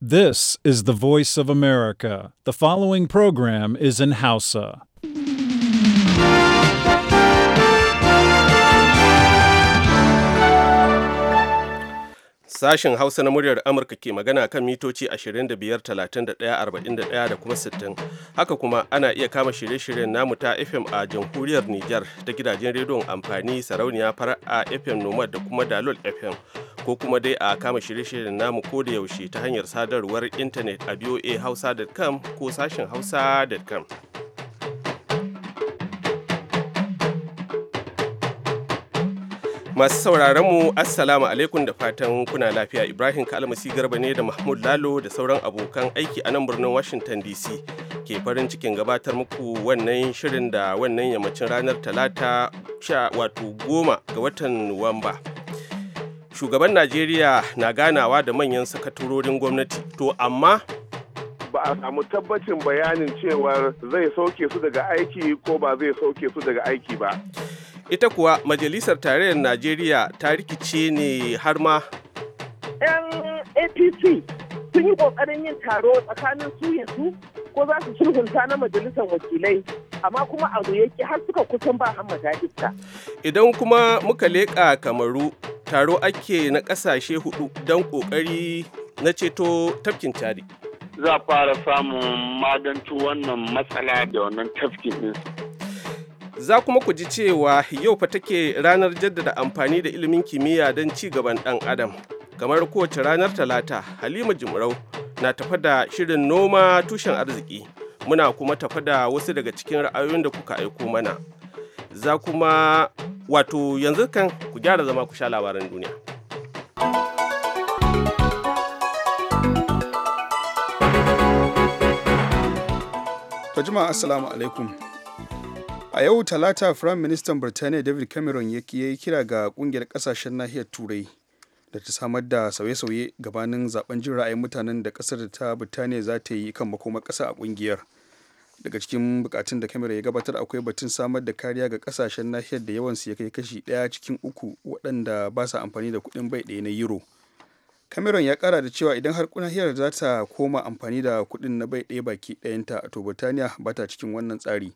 This is the voice of America. The following program is in Hausa. Sashen Hausa na muryar Amurka ke magana kan mitoci 25, 31, da kuma 60. Haka kuma ana iya kama shirye-shiryen namu ta FM a jamhuriyar Nijar ta gidajen rediyon amfani sarauniya fara a FM Nomad da kuma Dalol FM. ko kuma dai a kama shirye-shiryen namu ko da yaushe ta hanyar sadarwar intanet a voahausa.com ko sashen hausa.com. Masu sauraron mu Assalamu alaikum da fatan kuna lafiya Ibrahim Kalmasi Garba ne da Mahmud Lalo da sauran abokan aiki a nan birnin Washington DC ke farin cikin gabatar muku wannan shirin da wannan yammacin ranar Talata wato goma ga watan Nuwamba. shugaban najeriya na ganawa da manyan sakaturorin gwamnati to amma ba a samu tabbacin bayanin cewar zai sauke su daga aiki ko ba zai sauke su daga aiki ba ita kuwa majalisar tarayyar najeriya ta rikice ne har ma yan apc sun yi kokarin yin taro tsakanin su yanzu ko za su sulhunta na majalisar wakilai amma kuma abu yake har suka kusan ba hamma idan kuma muka leƙa kamaru taro ake na ƙasashe hudu don ƙoƙari na ceto tafkin cari. Za fara samun magantu wannan matsala da wannan tafkin Za kuma ku ji cewa yau fa take ranar jaddada amfani da ilimin kimiyya don ci gaban ɗan adam. Kamar kowace ranar talata, Halima Jimrau na tafa da shirin noma tushen arziki. Muna kuma tafa da wasu daga cikin ra'ayoyin da kuka aiko mana. Za kuma wato yanzu kan ku gyara zama ku sha labaran duniya. To jama'a assalamu alaikum. A yau talata Firayim Ministan Birtaniya David Cameron ya yi kira ga kungiyar kasashen nahiyar Turai da ta samar da sauye-sauye gabanin zaben jin ra'ayin mutanen da kasar ta Birtaniya za ta yi kan makomar ƙasa a kungiyar. daga cikin bukatun da kamera ya gabatar akwai batun samar da kariya ga kasashen nahiyar da yawansu ya kai kashi daya cikin uku waɗanda ba sa amfani da kuɗin bai ɗaya na euro cameron ya kara da cewa idan har nahiyar za ta koma amfani da kuɗin na bai ɗaya baki ɗayanta to burtaniya ba ta cikin wannan tsari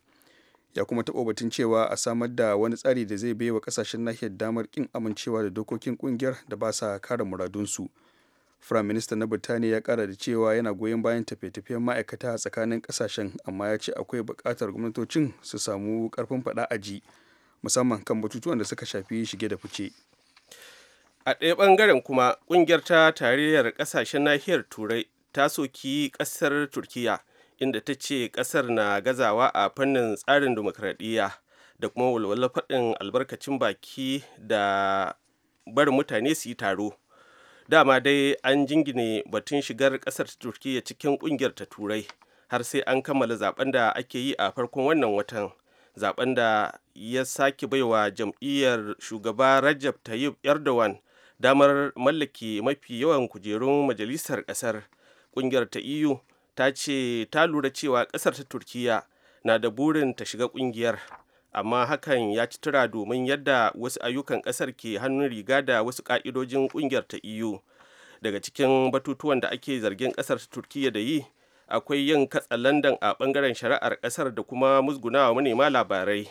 ya kuma taɓa batun cewa a samar da wani tsari da zai baiwa kasashen nahiyar damar kin amincewa da dokokin ƙungiyar da ba sa kare muradunsu firayim minista na birtaniya ya kara da cewa yana goyon bayan tafiye-tafiyen ma'aikata a tsakanin kasashen amma ya ce akwai buƙatar gwamnatocin su samu karfin faɗa a ji musamman kan batutuwan da suka shafi shige da fice a ɗaya ɓangaren kuma ƙungiyar ta tarayyar ƙasashen nahiyar turai ta soki ƙasar turkiya inda ta ce ƙasar na gazawa a fannin tsarin dimokuraɗiyya da kuma walwalar faɗin albarkacin baki da barin mutane su yi taro dama dai an jingine batun shigar kasar turkiya cikin kungiyar ta turai har sai an kammala zaben da ake yi a farkon wannan watan zaben da ya sake baiwa jam'iyyar shugaba rajab tayyip erdogan damar mallaki mafi yawan kujerun majalisar kasar kungiyar ta eu ta ce ta lura cewa kasar ta turkiya na da burin ta shiga kungiyar amma hakan ya ci tura domin yadda wasu ayyukan ƙasar ke hannun riga da wasu ka'idojin ƙungiyar ta eu daga cikin batutuwan da ake zargin ƙasar turkiyya da yi akwai yin katsalandan a bangaren shari'ar ƙasar da kuma musgunawa manema labarai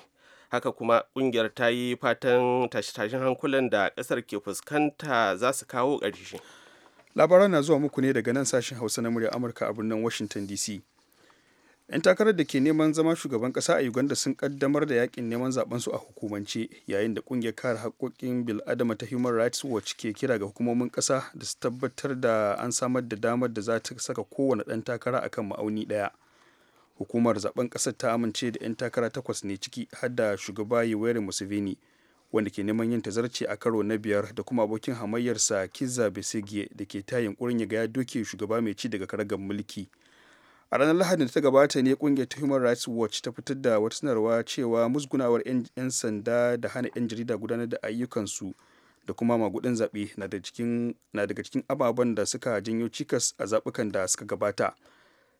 haka kuma ƙungiyar ta yi fatan tashe-tashen hankulan da ƙasar ke fuskanta za su kawo ƙarshe labaran na zuwa muku ne daga nan sashen hausa na murya amurka a birnin washington dc 'yan takarar da ke neman zama shugaban kasa a uganda sun kaddamar da yakin neman su a hukumance yayin da kungiyar kare haƙoƙin bil'adama ta human rights watch ke kira ga hukumomin kasa da su tabbatar da an samar da damar da za ta saka kowane ɗan takara akan ma'auni ɗaya hukumar zaben ƙasar ta amince da 'yan takara takwas ne ciki har da shugaba yoweri museveni wanda ke neman yin tazarci a karo na biyar da kuma abokin hamayyarsa kizza besigye da ke tayin yunkurin ya ga ya doke shugaba mai ci daga karagar mulki a ranar lahadin da ta gabata ne kungiyar ta human rights watch ta fitar da wata sanarwa cewa musgunawar 'yan sanda da hana 'yan jarida gudanar da ayyukansu da kuma magudin zaɓe na daga cikin ababen da suka janyo cikas a zaɓukan da suka gabata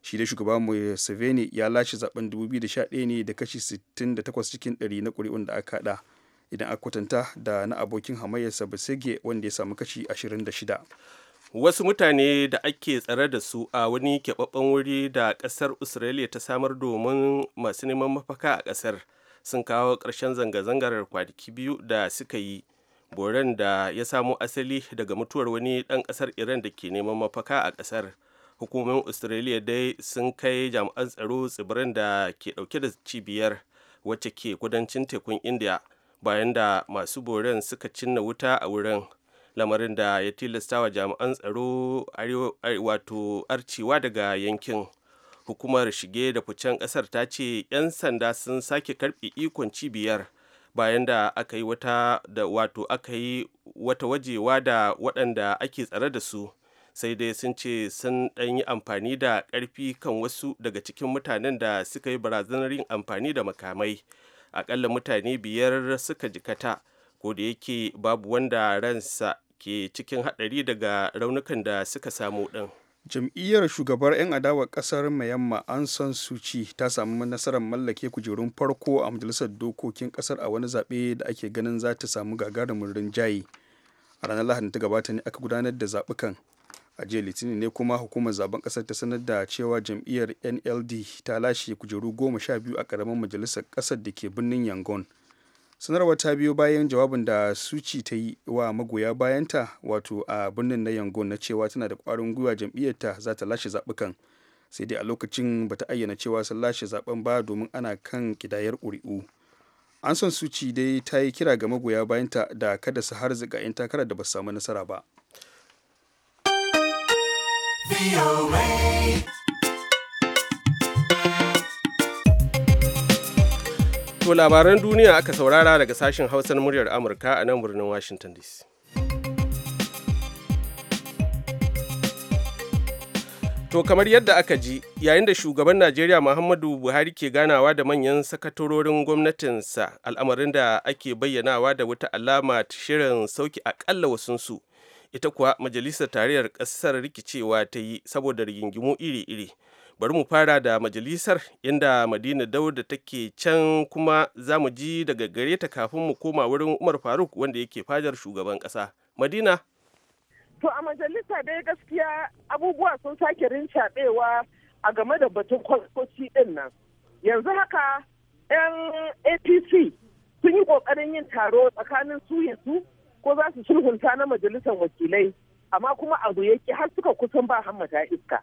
shi da shugaba museveni ya lashe zaben 2011 ne da kashi 68 cikin 100 na ƙuri'un da aka haɗa idan aka kwatanta da na abokin hamayyarsa basege wanda ya samu kashi 26 wasu mutane da ake tsare da su a wani keɓaɓɓen wuri da ƙasar Australia ta samar domin masu neman mafaka a ƙasar sun kawo ƙarshen zanga-zangar kwanaki biyu da suka yi boren da ya samo asali daga mutuwar wani ɗan ƙasar Iran da ke neman mafaka a ƙasar. hukumomin australia dai sun kai jami'an tsaro tsibirin da ke ɗauke da cibiyar wacce ke kudancin tekun india bayan da masu boren suka cinna wuta a wurin lamarin da ya tilasta wa jami'an tsaro wato arcewa daga yankin hukumar shige da ficen kasar ta ce 'yan sanda sun sake karbe ikon cibiyar bayan da aka yi wata wato aka yi wata wajewa da waɗanda ake tsare da su sai dai sun ce sun ɗan yi amfani da ƙarfi kan wasu daga cikin mutanen da suka yi barazanar yin amfani da makamai akalla mutane biyar suka jikata ko da yake babu wanda ransa ke cikin haɗari daga raunukan da suka samu ɗin. jam'iyyar shugabar 'yan adawar ƙasar mayamma an san suci ta samu nasarar mallake kujerun farko a majalisar dokokin ƙasar a wani zaɓe da ake ganin za ta samu gagarumin rinjaye a ranar Lahadi ta gabata ne aka gudanar da zaɓukan a jiya litinin ne kuma hukumar zaben ƙasar ta sanar da cewa jam'iyyar nld ta lashe kujeru goma sha biyu a ƙaramin majalisar ƙasar da ke birnin yangon sanarwar ta biyo bayan jawabin da suci ta yi wa magoya bayanta wato a birnin na yangon na cewa tana da kwarin gwiwa jam'iyyarta za ta lashe zaɓukan sai dai a lokacin ba ta ayyana cewa sun lashe zaben ba domin ana kan ƙidayar ƙuri'u an son suci dai ta yi kira ga magoya bayanta da kada su ga 'yan takarar da ba su samu nasara ba. To labaran duniya aka saurara daga sashen Hausar muryar Amurka a nan birnin Washington DC. To kamar yadda aka ji, yayin da shugaban Najeriya Muhammadu Buhari ke ganawa da manyan sakatororin gwamnatinsa al'amarin da ake bayyanawa da wata alama shirin sauki akalla wasunsu, ita kuwa majalisar tarayyar ƙasar rikicewa ta yi saboda rigingimu iri-iri. bari mu fara da majalisar inda madina dauda take can kuma za mu ji daga gare ta kafin mu koma wurin umar faruk wanda yake fadar shugaban kasa madina to a majalisa dai gaskiya abubuwa sun sake rincaɓewa a game da batun kwakwaci din nan yanzu haka yan apc sun yi kokarin yin taro tsakanin su yanzu ko za su sulhunta na majalisar wakilai amma kuma abu yake har suka kusan ba hammata iska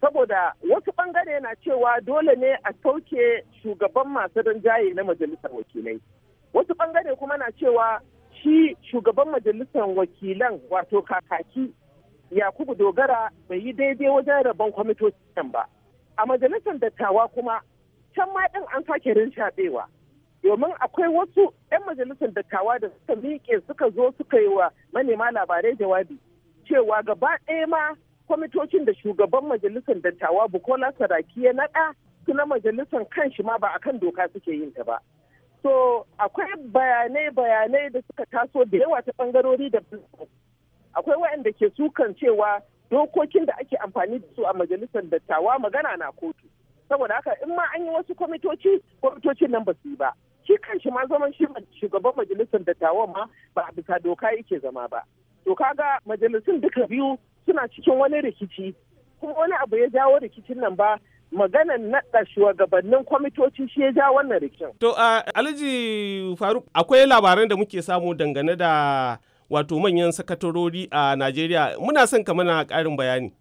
saboda wasu bangare na cewa dole ne a sauke shugaban masu rinjaye na majalisar wakilai wasu bangare kuma na cewa shi shugaban majalisar wakilan wato kakaki yakubu dogara bai yi daidai wajen rabon kwamitocin ba a majalisar dattawa kuma can ma ɗin an sake rin shaɗewa domin akwai wasu 'yan majalisar dattawa da suka miƙe suka zo suka yi wa manema labarai jawabi cewa gaba ɗaya ma kwamitocin da shugaban majalisar dattawa bukola saraki ya naɗa su na majalisar kanshi ma ba a kan doka suke yin ta ba so akwai bayanai bayanai da suka taso da yawa ta bangarori da akwai waɗanda ke sukan cewa dokokin da ake amfani da su a majalisar dattawa magana na kotu saboda haka in ma an yi wasu kwamitoci kwamitocin nan ba su yi ba shi kan shi ma zaman shi shugaban majalisar dattawa ma ba a bisa doka yake zama ba to kaga majalisun duka biyu suna cikin wani rikici kuma wani abu ya jawo rikicin nan ba maganan naɗa shugabannin kwamitoci shi ya ja wannan rikicin. To a Alhaji Faruk akwai labaran da muke samu dangane da wato manyan sakatarori a nigeria muna son ka mana ƙarin bayani.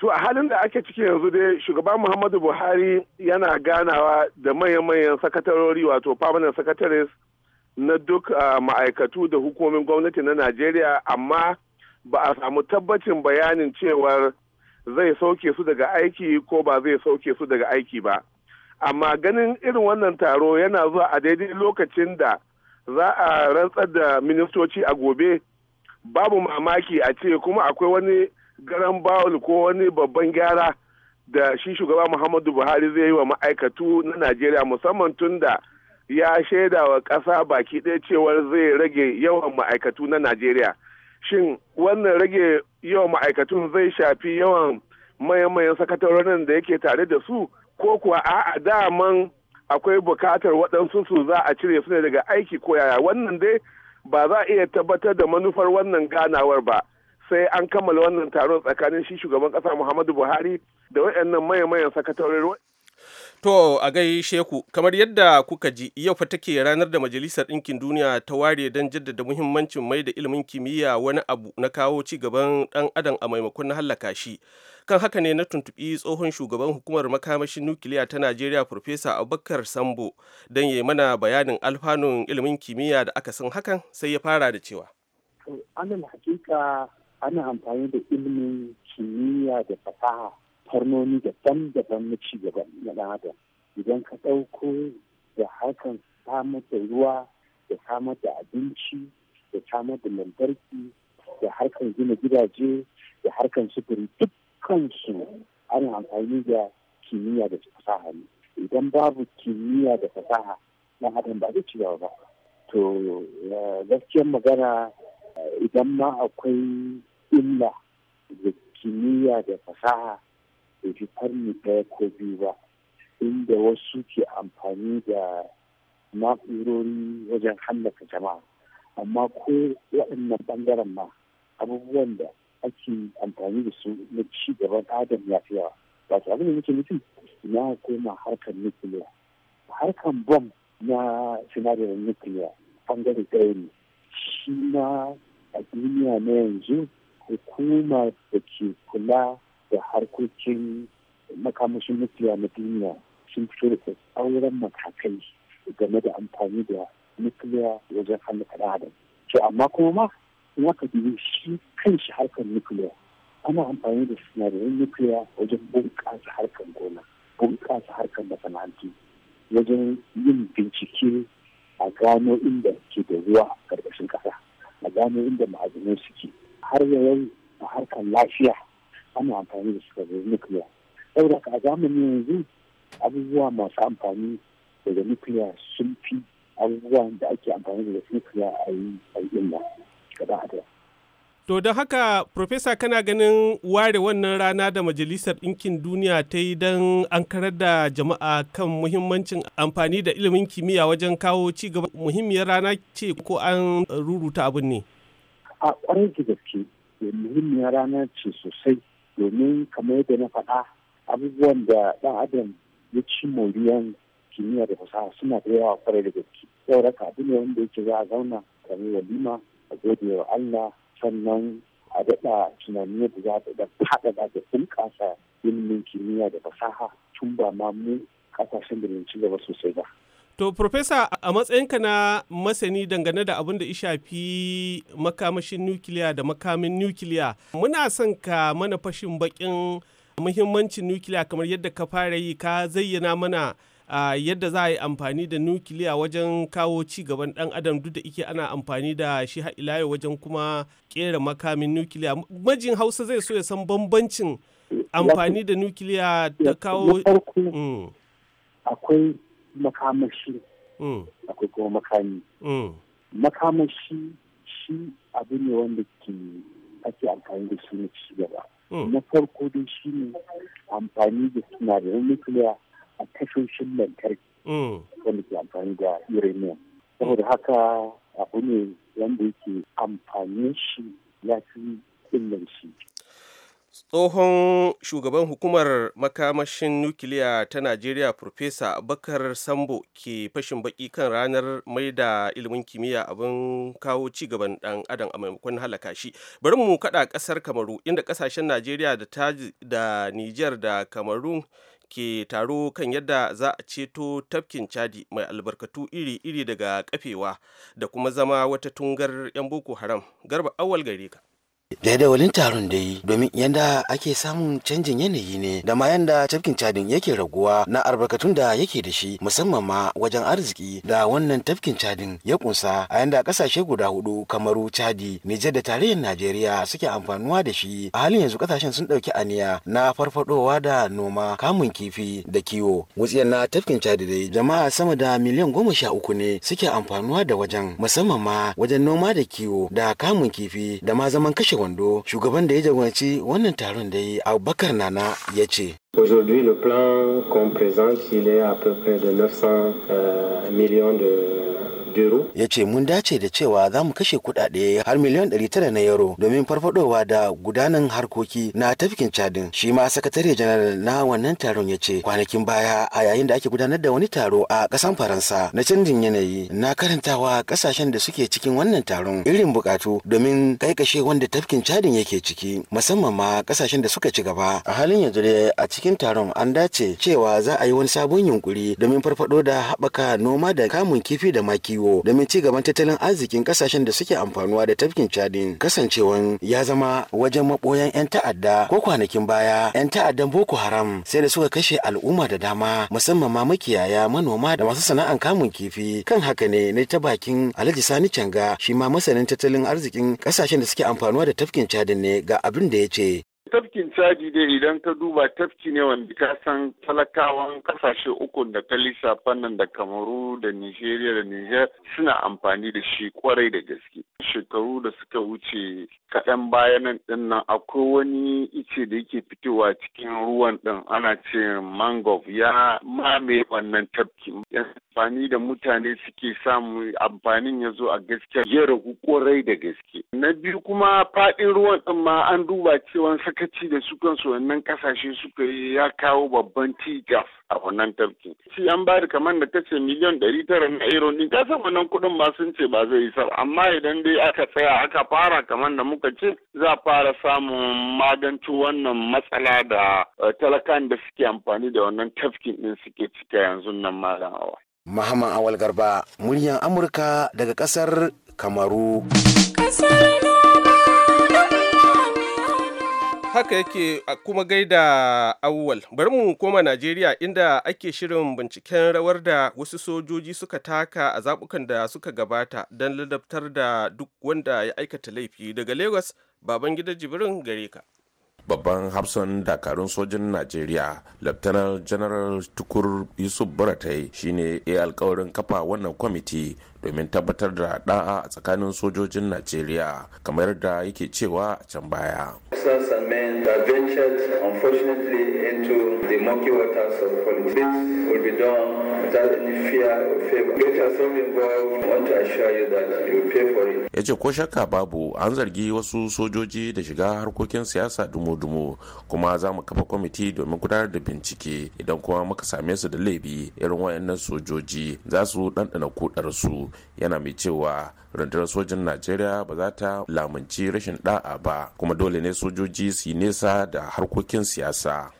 To a halin da ake ciki yanzu dai shugaban Muhammadu Buhari yana ganawa da manyan-manyan sakatarori wato permanent secretaries na duk ma'aikatu da hukumomin gwamnati na Najeriya amma ba a samu tabbacin bayanin cewar zai sauke su daga aiki ko ba zai sauke su daga aiki ba amma ganin irin wannan taro yana zuwa a daidai lokacin da za a rantsar da ministoci a gobe babu mamaki a ce kuma akwai wani garan bawul ko wani babban gyara da shi shugaba muhammadu buhari zai yi wa ma'aikatu na najeriya musamman tun da ya shaida wa ƙasa baki ɗaya cewar zai rage yawan ma'aikatu na najeriya shin wannan rage yawan ma'aikatun zai shafi yawan mayan sakatarorin da yake tare da su ko kuwa a'a daman akwai bukatar waɗansu su za a cire su ne daga aiki ko yaya wannan dai ba za a iya tabbatar da manufar wannan ganawar ba sai an kammala wannan taron tsakanin shi shugaban ƙasa muhammadu buhari da waɗannan mayan sakatarorin To a gaishe ku kamar yadda kuka ji yau fa take ranar da Majalisar Ɗinkin Duniya ta ware don jaddada muhimmancin mai da ilimin kimiyya wani abu na kawo ci gaban ɗan adam a maimakon na hallaka shi. Kan haka ne na tuntuɓi tsohon shugaban hukumar makamashin nukiliya ta Najeriya Profesa Abubakar Sambo don ya mana bayanin alfanun ilimin kimiyya da aka san hakan sai ya fara da cewa. hakika ana amfani da ilimin kimiyya da fasaha farnoni daban-daban na cigaban na ɗan adam idan ka ɗauko da hakan samar da ruwa da samar da abinci da samar da lantarki da harkan gina gidaje da harkan sufuri su ana amfani da kimiyya da fasaha ne idan babu kimiyya da fasaha na adam ba zai cigaba ba to eh, gaskiyar magana eh, idan ma akwai illa da kimiyya da fasaha bai fi ɗaya ko biyu ba inda wasu ke amfani da na'urori wajen hallaka jama'a amma ko waɗannan ɓangaren ma abubuwan da ake amfani da su na ci gaban adam ya fi yawa ba su abin da muke nufi na koma harkar nukiliya harkar bom na sinadarin nukiliya ɓangare ɗaya ne shi ma a duniya na yanzu hukuma da ke kula da harkokin makamashin nukiliya na duniya sun fito da tsauran matakai game da amfani da nukiliya wajen hannu kaɗa da to amma kuma ma in aka biyu shi kan shi harkar nukiliya ana amfani da sinadarin nukiliya wajen bunƙasa harkar gona bunƙasa harkar masana'antu wajen yin bincike a gano inda ke da ruwa a ƙarƙashin ƙasa a gano inda ma'azinai suke har yau a harkar lafiya ana amfani da shi nukiliya saboda a zamani yanzu abubuwa masu amfani daga nukiliya sun fi abubuwa da ake amfani da nukiliya a yi illa gaba daya To da haka, Profesa kana ganin ware wannan rana da Majalisar Ɗinkin Duniya ta yi don an karar da jama'a kan muhimmancin amfani da ilimin kimiyya wajen kawo ci gaba muhimmiyar rana ce ko an ruruta abin ne? A ƙwarar da gaske, muhimmiyar rana ce sosai domin kamar yadda na faɗa abubuwan da ɗan adam ya ci moriyan kimiyya da fasaha suna da yawa kwarai da gaske yau raka abu ne wanda yake za a zauna kamar walima a gode wa Allah sannan a daɗa tunani yadda za a daɗa da bunƙasa ilimin kimiyya da fasaha tun ba ma mu ƙasashen da ci gaba sosai ba. To, Profesa, a matsayinka na masani dangane da abin da ya shafi makamashin nukiliya da makamin nukiliya, muna son ka mana fashin bakin muhimmancin nukiliya kamar yadda ka fara yi ka zayyana mana yadda za a yi amfani da nukiliya wajen kawo ci gaban dan adam duk da ike ana amfani da shi ila wajen kuma kera makamin nukiliya. Majin Hausa zai so ya san bambancin amfani da nukiliya da kawo. Mm. Akwai makamashi mm. akwai kuma makami mm. makamashi shi abu ne wanda ke ake amfani da shi na ci gaba mm. na farko dai shi ne amfani da sinadarin nukiliya a tashoshin lantarki wanda ke amfani da uranium saboda haka abu ne wanda yake amfani shi ya fi shi tsohon shugaban hukumar makamashin nukiliya ta najeriya Profesa bakar sambo ke fashin baki kan ranar mai da ilimin kimiyya abin kawo gaban dan adam a maimakon halaka shi bari mu kada kasar kamaru inda kasashen najeriya da taji da niger da kamaru ke taro kan yadda za a ceto tafkin chadi mai albarkatu iri-iri daga kafewa da kuma zama wata tungar 'yan boko haram garba awal gare ka Jadawalin taron dai domin yanda ake samun canjin yanayi ne da ma yanda tafkin cadin yake raguwa na albarkatun da yake da shi musamman ma wajen arziki da wannan tafkin cadin ya kunsa a yanda kasashe guda hudu kamaru cadi nijar da tarihin najeriya suke amfanuwa da shi a halin yanzu kasashen sun dauki aniya na farfadowa da noma kamun kifi da kiwo wutsiyar na tafkin cadi dai jama'a sama da miliyan goma sha uku ne suke amfanuwa da wajen musamman ma wajen noma da kiwo da kamun kifi da ma zaman kashe Aujourd'hui, le plan qu'on présente, il est à peu près de 900 euh, millions de gero ya ce mun dace da cewa za mu kashe kuɗaɗe har miliyan ɗari tara na yaro domin farfadowa da gudanan harkoki na tafkin cadin shi ma sakatare janar na wannan taron ya ce kwanakin baya a yayin da ake gudanar da wani taro a ƙasan faransa na canjin yanayi na karantawa ƙasashen da suke cikin wannan taron irin buƙatu domin kai kashe wanda tafkin cadin yake ciki musamman ma ƙasashen da suka ci gaba a halin yanzu dai a cikin taron an dace cewa za a yi wani sabon yunkuri domin farfado da haɓaka noma da kamun kifi da maki biyo domin ci gaban tattalin arzikin kasashen da suke amfanuwa da tafkin chadin kasancewan ya zama wajen maboyan 'yan ta'adda ko kwanakin baya 'yan ta'addan boko haram sai da suka kashe al'umma da dama musamman ma makiyaya manoma da masu sana'an kamun kifi kan haka ne na ta bakin alhaji sani canga shi ma masanin tattalin arzikin kasashen da suke amfanuwa da tafkin chadin ne ga abin da ya ce tafkin caji dai idan ka duba tafki ne wanda ka san talakawan kasashe uku da ka lissafa nan da kamaru da nigeria da niger suna amfani da shi kwarai da gaske shekaru da suka wuce kaɗan bayanan ɗin nan akwai wani ice da yake fitowa cikin ruwan ɗin ana ce mangov ya mame wannan tafkin amfani da mutane suke samu amfanin ya zo a gaske ya ragu kwarai da gaske na biyu kuma faɗin ruwan ɗin ma an duba cewa saka sakaci da su kansu wannan kasashe suka yi ya kawo babban tigas a wannan tafkin. Shi an bada kamar da kace miliyan ɗari tara na euro ka san wannan kuɗin ba sun ce ba zai yi isa amma idan dai aka tsaya aka fara kamar da muka ce za fara samun maganci wannan matsala da eh, talakan da suke amfani da wannan tafkin ɗin suke cika yanzu nan malam awa. Mahama Awal Garba, muryan Amurka daga ƙasar Kamaru. Ƙasar haka yake kuma gaida awwal bari mu koma najeriya inda ake shirin binciken rawar da wasu sojoji suka taka a zabukan da suka gabata don ladabtar da duk wanda ya aikata laifi daga lagos baban gida jibirin gare ka babban hafsan dakarun sojin najeriya laftanar janaral tukur yusuf buratai shine ya alkawarin kafa wannan kwamiti domin tabbatar da da'a a tsakanin sojojin najeriya kamar da yake cewa a can baya Unfortunately, into the murky waters of politics will be done yace ko shakka babu an zargi wasu sojoji da shiga harkokin siyasa dumo-dumo kuma za mu kafa kwamiti domin gudanar da bincike idan kuma muka same su da laifi irin wayannan sojoji za su ɗanɗana kudar su yana mai cewa rundunar sojin najeriya ba za ta lamunci rashin da'a ba kuma dole ne sojoji su yi nesa da harkokin siyasa.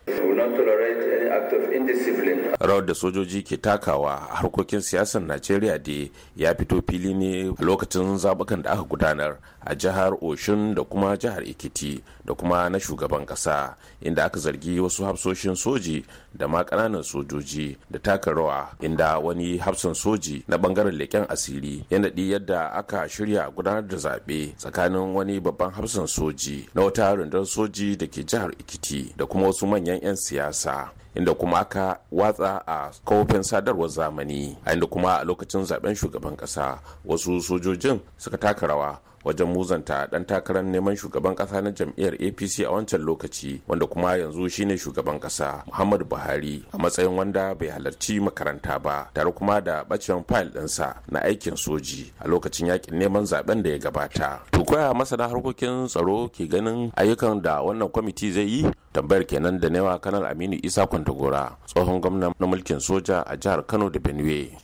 rawar da sojoji ke takawa a harkokin siyasar najeriya da ya fito fili ne a lokacin zabukan da aka gudanar a jihar oshun da kuma jihar ikiti da kuma na shugaban kasa inda aka zargi wasu hafsoshin soji da ma kananan sojoji da taka rawa inda wani hafsan soji na bangaren leken asiri yana ɗi yadda aka shirya gudanar da zaɓe tsakanin wani babban hafsan soji na wata rundunar soji da ke jihar ikiti da kuma wasu manyan 'yan siyasa inda kuma aka. aka watsa a kofin sadarwar zamani a inda kuma a lokacin zaben shugaban kasa wasu sojojin suka taka rawa wajen muzanta dan takarar neman shugaban kasa na jam'iyyar apc a wancan lokaci wanda kuma yanzu shine shugaban kasa muhammadu buhari a matsayin wanda bai halarci makaranta ba tare kuma da bacin fayil sa na aikin soji a lokacin yakin neman zaben da ya gabata to koya masana harkokin tsaro ke ganin ayyukan da wannan kwamiti zai yi tambayar kenan da newa kanal aminu isa kwantagora tsohon gwamna na mulkin soja a jihar kano da benue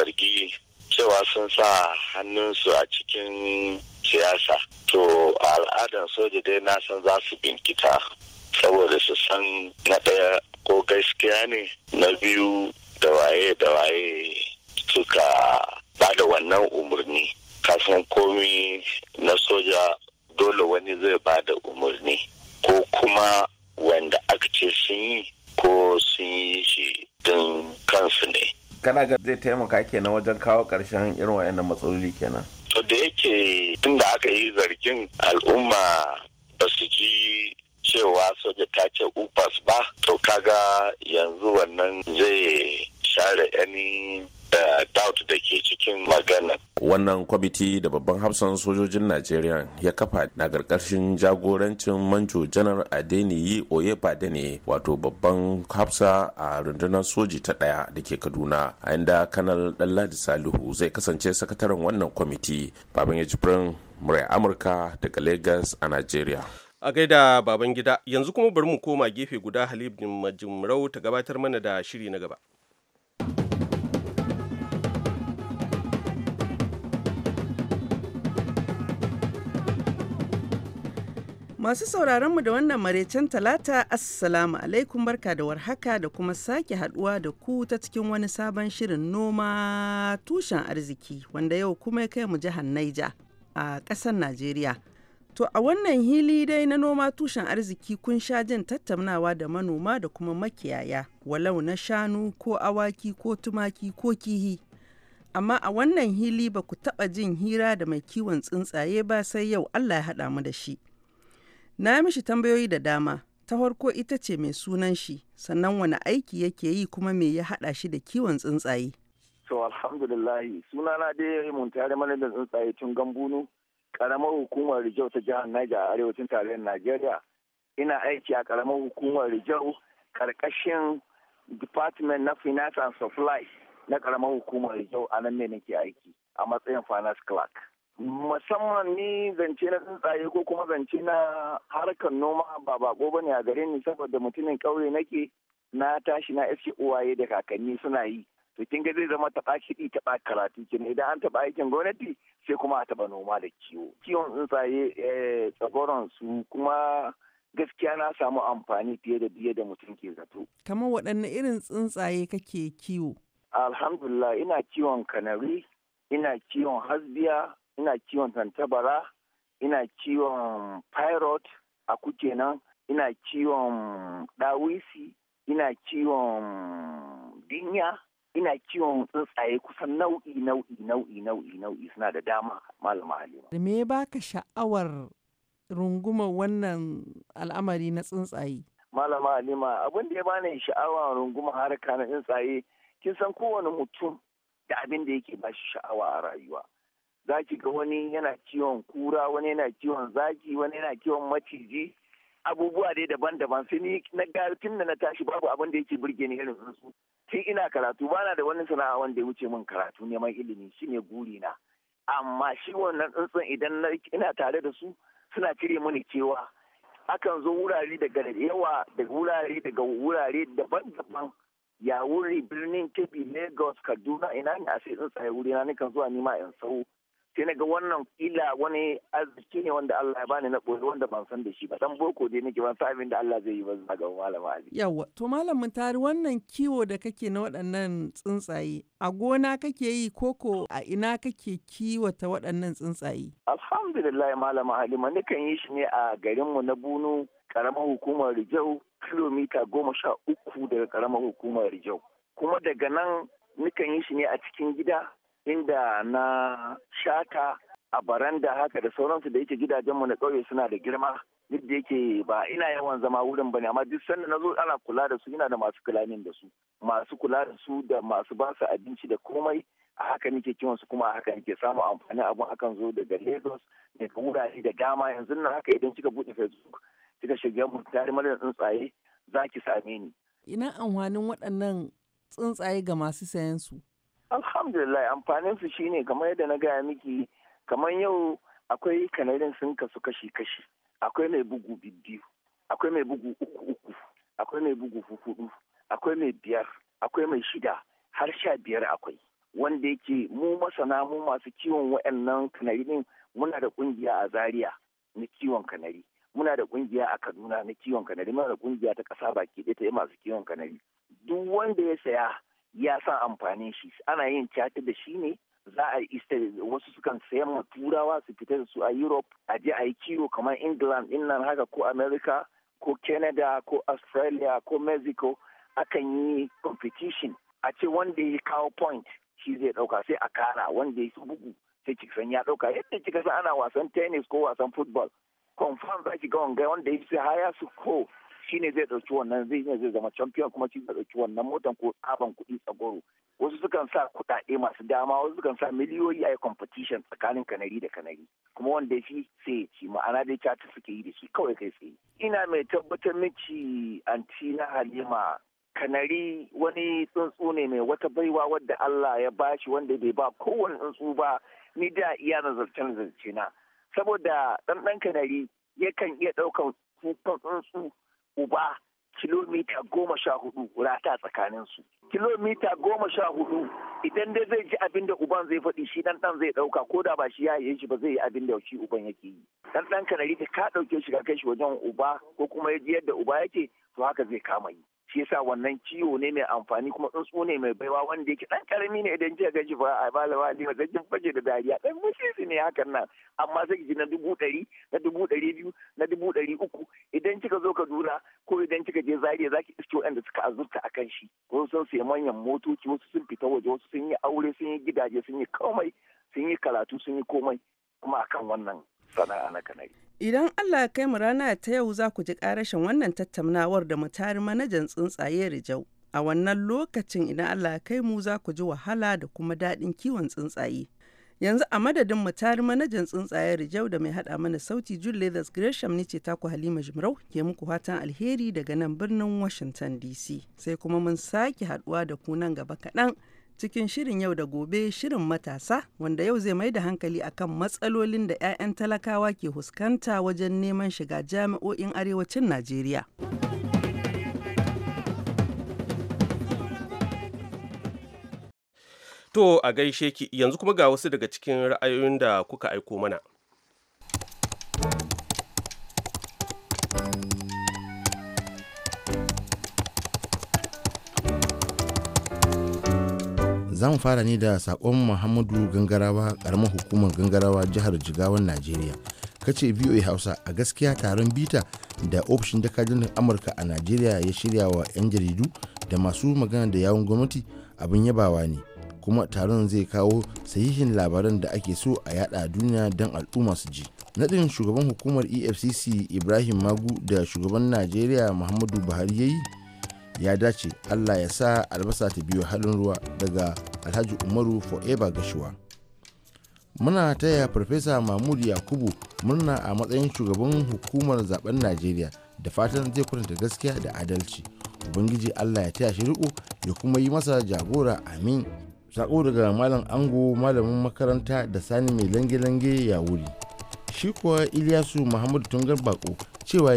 zargi cewa sun sa hannunsu a cikin siyasa to a al'adar soja dai na san za su binkita saboda su san na ɗaya ko gaskiya ne na biyu da waye da waye suka bada wannan umarni kafin komi na soja dole wani zai ba da umarni ko kuma wanda aka ce sun yi ko sun yi shi don kansu ne kana ga zai taimaka kenan wajen kawo ƙarshen irin wayannan matsaloli kenan to da yake tun aka yi zargin al'umma ba su ji cewa soja ta ce upas ba to kaga yanzu wannan zai share yani da doubt da ke cikin magana. Wannan kwamiti da babban hafsan sojojin Najeriya ya kafa na karkashin jagorancin manjo janar Adeniyi Oyebade ne wato babban hafsa a rundunar soji ta ɗaya da ke Kaduna a inda kanal Ɗanladi Salihu zai kasance sakataren wannan kwamiti baban ya jibrin murai Amurka daga Lagos a Najeriya. a gaida baban gida yanzu kuma bari mu koma gefe guda halib majimrau ta gabatar mana da shiri na gaba Masu sauraronmu da wannan maraicen talata Assalamu alaikum barka da warhaka da kuma sake haduwa da ku ta cikin wani sabon shirin noma tushen arziki wanda yau kuma kai mu jihar Naija a ƙasar Najeriya. To a wannan hili dai na noma tushen arziki kun sha jin tattaunawa da manoma da kuma makiyaya walau na shanu ko awaki ko tumaki ko kihi. Amma a wannan hili ba ku taɓa jin hira da mai kiwon tsuntsaye ba sai yau Allah ya haɗa mu da shi. Na mishi tambayoyi da dama, ta farko ita ce mai sunan shi, sannan wani aiki yake yi kuma me ya haɗa shi da kiwon tsuntsaye. To alhamdulillahi sunana dai mun tare mana da tsuntsaye tun gambunu, karamar hukumar Rijau ta jihar Niger a arewacin tarayyar Najeriya. Ina aiki a karamar hukumar Rijau ƙarƙashin Department na Finance and Supply na ƙaramar hukumar Rijau a nan ne nake aiki a matsayin Finance Clerk. musamman ni zance na tsuntsaye ko kuma zance na harkar noma ba bako ba ne a gare ni saboda mutumin ƙauye nake na tashi na iske uwaye da kakanni suna yi to kin ga zai zama ɗi kiɗi taɓa karatu kin idan an taɓa aikin gwamnati sai kuma a taɓa noma da kiwo kiwon tsuntsaye eh, tsagoron su kuma gaskiya na samu amfani fiye da biye da mutum ke zato. Kamar waɗanne irin tsuntsaye kake kiwo? Alhamdulillah ina kiwon kanari, ina kiwon hasbiya, ina kiwon tantabara ina kiwon pirate a kenan ina kiwon dawisi ina kiwon dinya ina kiwon tsuntsaye kusan nau'i nau'i nau'i nau'i nau'i suna da dama malama halima me ya baka sha'awar runguma wannan al'amari na tsuntsaye malama halima abin da ya bani sha'awa runguma harka na tsuntsaye kin san kowane mutum da abin da yake ba shi sha'awa a rayuwa za ki ga wani yana kiwon kura wani yana kiwon zaki wani yana kiwon maciji abubuwa dai daban-daban sai ni na gari tun da na tashi babu abin da yake burge ni irin su sai ina karatu bana da wani sana'a wanda ya wuce min karatu neman ilimi shine guri na amma shi wannan tsuntsun idan ina tare da su suna cire mini cewa akan zo wurare daga yawa daga wurare daga wurare daban-daban ya wuri birnin kebbi lagos kaduna ina ne a sai tsuntsaye wuri na nakan zuwa nima in sau sai na ga wannan fila wani arziki ne wanda Allah ya bani na ɓoye wanda ban san da shi ba dan boko dai nake ban san abin da Allah zai yi ba zuwa ga malama Ali yawa to malamin tari wannan kiwo da kake na waɗannan tsuntsaye a gona kake yi koko a ina kake kiwata waɗannan tsuntsaye alhamdulillah malama Halima kan yi shi ne a garin mu na Bunu karamar hukumar Rijau kilomita goma sha uku daga karamar hukumar Rijau kuma daga nan nukan yi shi ne a cikin gida inda na shaka a baranda haka da sauransu da yake gidajenmu na kauye suna da girma duk da yake ba ina yawan zama wurin bane amma duk sanda na zo ana kula da su ina da masu kula da su masu kula da su da masu ba su abinci da komai a haka nake kiwon su kuma a haka nake samu amfani abun akan zo daga Lagos daga wurare da dama yanzu nan haka idan kika buɗe Facebook kika shiga mu tare mara tsuntsaye za ki same ni ina amfanin waɗannan tsuntsaye ga masu sayan su alhamdulillah amfanin su shine kamar yadda na gaya miki kamar yau akwai kanarin sun kasu kashi kashi akwai mai bugu biyu akwai mai bugu uku uku akwai mai bugu hudu akwai mai biyar akwai mai shida har sha biyar akwai wanda yake mu masana mu masu kiwon wa'annan kanari din muna da kungiya a zaria na kiwon kanari muna da kungiya a kaduna na kiwon kanari muna da kungiya ta kasa baki ɗaya ta masu kiwon kanari duk wanda ya saya ya san amfanin shi ana yin cata da shi ne za a ista wasu sukan sayan ma turawa su fita da su a europe a je a yi kiwo kamar england in nan haka ko america ko canada ko australia ko mexico akan yi competition a ce wanda ya kawo point shi zai dauka sai a kara wanda ya bugu sai san ya dauka yadda kika san ana wasan tennis ko wasan football confirm za ki ga wanda ya fi haya su ko shine zai ɗauki wannan zai ne zai zama champion kuma shi zai ɗauki wannan motan ko tsaban kuɗi tsagoro wasu sukan sa kuɗaɗe masu dama wasu sukan sa miliyoyi a competition tsakanin kanari da kanari kuma wanda shi sai ya ci ma'ana dai cata suke yi da shi kawai kai tsaye ina mai tabbatar miki anti na halima kanari wani tsuntsu ne mai wata baiwa wadda Allah ya bashi wanda bai ba kowane tsuntsu ba ni da iya nazarce-nazarce na saboda ɗanɗan kanari yakan iya ɗaukan kukan tsuntsu uba kilomita goma sha hudu rata tsakanin su kilomita goma sha hudu idan dai zai ji abin da uban zai faɗi shi dan dan zai ɗauka ko da ba shi ya yi shi ba zai yi abin da shi uban yake yi dan dan ka ka ɗauke shi ka kai shi wajen uba ko kuma ya ji yadda uba yake to haka zai kama yi shi yasa wannan ciwo ne mai amfani kuma tsuntsu ne mai baiwa wanda yake dan karami ne idan jiya gaji ba a ba lawa ne ba zai fage da dariya dan musisi ne hakan nan amma zai ji na dubu ɗari na dubu ɗari biyu na dubu ɗari uku idan kika zo ka duna ko idan kika je Zaria zaki iske waɗanda suka azurta akan shi ko sun sayi manyan motoci wasu sun fita waje wasu sun yi aure sun yi gidaje sun yi komai sun yi karatu sun yi komai kuma akan wannan sana'a na kanai. Idan Allah ya kai mu rana ta yau za ku ji ƙarashin wannan tattaunawar da mutari manajan tsuntsaye Rijau. A wannan lokacin idan Allah ya kai mu za ku ji wahala da kuma daɗin kiwon tsuntsaye. Yanzu a madadin mu mutari manajan tsuntsaye Rijau da mai haɗa mana sauti jule Leathers Gresham ni ce taku Halima jimrau ke muku fatan alheri daga nan birnin Washington DC. Sai kuma mun sake haɗuwa da ku nan gaba kaɗan. cikin shirin yau da gobe shirin matasa wanda yau zai mai da hankali akan matsalolin da 'ya'yan talakawa ke huskanta wajen neman shiga jami'o'in arewacin Najeriya. To a gaishe ki yanzu kuma ga wasu daga cikin ra'ayoyin da kuka aiko mana. zan fara ne da sakon muhammadu gangarawa karamar hukumar gangarawa jihar jigawan najeriya kace voa hausa a gaskiya taron bita da ofishin jakadunan amurka a najeriya ya shirya wa 'yan jaridu da masu magana da yawon gwamnati abin yabawa ne kuma taron zai kawo sahihin labaran da ake so a yada duniya don al'umma su ji nadin shugaban hukumar efcc ibrahim magu da shugaban najeriya muhammadu buhari ya yi ya dace allah ya sa albasa ta biyo halin ruwa daga alhaji umaru forever gashuwa muna taya farfesa mahmud yakubu murna a matsayin shugaban hukumar zaben najeriya da fatan zai kwatanta gaskiya da adalci ubangiji allah ya taya shi riƙo ya kuma yi masa jagora amin sako daga malam ango malamin makaranta da sani mai lange-lange ya wuri shi kuwa ilyasu muhammadu tungar bako cewa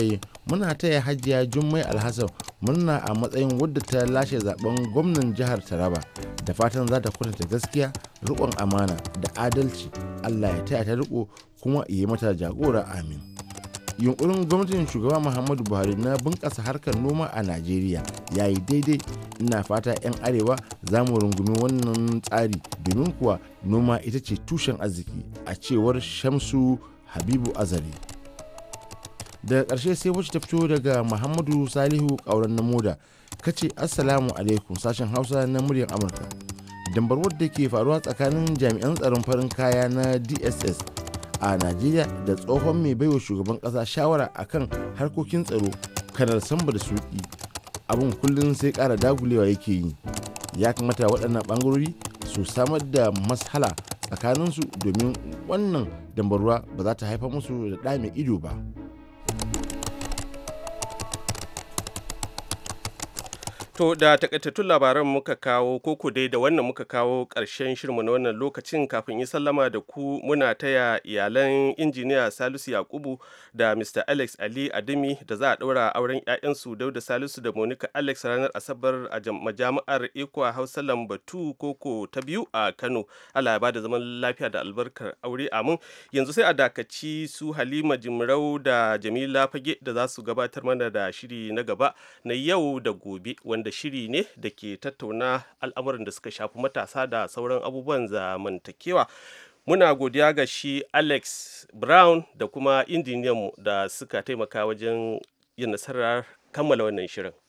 muna taya hajiya jummai alhassan murna a matsayin wadda ta lashe zaben gwamnan jihar taraba da fatan za ta kwatanta gaskiya rikon amana da adalci allah ya taya ta riko kuma yi mata jagora amin yunkurin gwamnatin shugaba muhammadu buhari na bunƙasa harkar noma a najeriya ya yi daidai ina fata 'yan arewa za mu rungumi wannan tsari domin kuwa noma ita ce tushen arziki a cewar shamsu habibu azari daga karshe sai wacce ta fito daga muhammadu salihu ƙauren namoda kace assalamu alaikum sashen hausa na muryar amurka dambarwar da ke faruwa tsakanin jami'an tsaron farin kaya na dss a najeriya da tsohon mai baiwa shugaban kasa shawara a kan harkokin tsaro kanar samba da suki abin kullum sai kara dagulewa yake yi ya kamata waɗannan ɓangarori su samar da mashala tsakaninsu domin wannan dambarwa ba za ta haifar musu da ɗa mai ido ba. To da takaitattun labaran muka kawo koko dai da wannan muka kawo ƙarshen shirmu na wannan lokacin kafin yi sallama da ku muna taya iyalan injiniya Salisu Yakubu da Mr. Alex Ali Adimi da za a ɗaura auren 'ya'yansu Dauda Salisu da Monica Alex ranar Asabar a majami'ar Ikwa Hausa Lambatu koko ta biyu a Kano. Allah ya bada zaman lafiya da albarkar aure amin. Yanzu sai a dakaci su Halima Jimrau da Jamila Fage da za su gabatar mana da shiri na gaba na yau da gobe. wanda shiri ne da ke tattauna al'amuran da suka shafi matasa da sauran abubuwan zamantakewa muna godiya ga shi alex brown da kuma indiniyanmu da suka taimaka wajen yin nasarar kammala wannan shirin